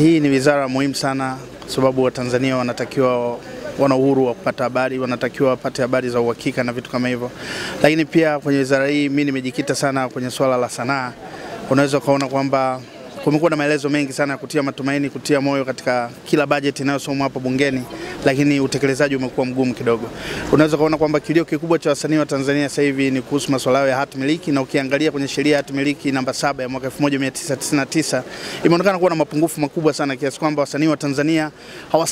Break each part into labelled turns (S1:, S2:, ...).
S1: Hii ni wizara muhimu sana kwa sababu Watanzania wanatakiwa wana uhuru wa kupata habari, wanatakiwa wapate habari za uhakika na vitu kama hivyo. Lakini pia kwenye wizara hii mimi nimejikita sana kwenye swala la sanaa. Unaweza ukaona kwamba Kumekuwa na maelezo mengi sana ya kutia matumaini, kutia moyo katika kila bajeti inayosomwa hapo bungeni, lakini utekelezaji umekuwa mgumu kidogo. Unaweza kuona kwamba kilio kikubwa cha wasanii wa Tanzania sasa hivi ni kuhusu masuala ya hati miliki, na ukiangalia kwenye sheria ya hati miliki namba saba ya mwaka 1999 imeonekana kuwa na mapungufu makubwa sana kiasi kwamba wasanii wa Tanzania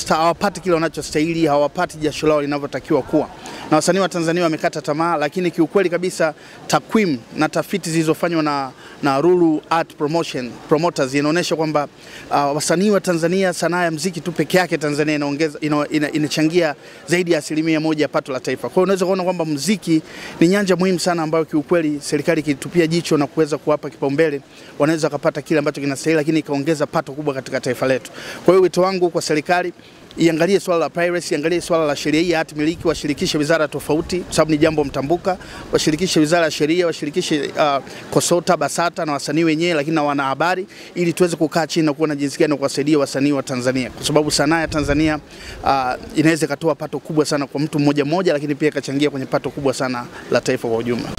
S1: hawapati kile wanachostahili, hawapati jasho lao linavyotakiwa kuwa, na wasanii wa Tanzania wamekata tamaa, lakini kiukweli kabisa takwimu na tafiti zilizofanywa na, na Ruru Art Promotion Promoter Masters inaonyesha kwamba uh, wasanii wa Tanzania, sanaa ya mziki tu peke yake Tanzania inaongeza ina, ina, inachangia zaidi ya asilimia moja ya pato la taifa. Kwa hiyo unaweza kuona kwamba mziki ni nyanja muhimu sana ambayo kiukweli serikali ikitupia jicho na kuweza kuwapa kipaumbele wanaweza kupata kile ambacho kinastahili, lakini ikaongeza pato kubwa katika taifa letu. Kwa hiyo wito wangu kwa serikali iangalie swala la piracy, iangalie swala la sheria hii ya hati miliki, washirikishe wizara tofauti, kwa sababu ni jambo mtambuka. Washirikishe wizara ya sheria, washirikishe uh, KOSOTA, BASATA na wasanii wenyewe, lakini na wanahabari, ili tuweze kukaa chini na kuona jinsi gani kuwasaidia wasanii wa Tanzania, kwa sababu sanaa ya Tanzania uh, inaweza ikatoa pato kubwa sana kwa mtu mmoja mmoja, lakini pia ikachangia kwenye pato kubwa sana la taifa kwa ujumla.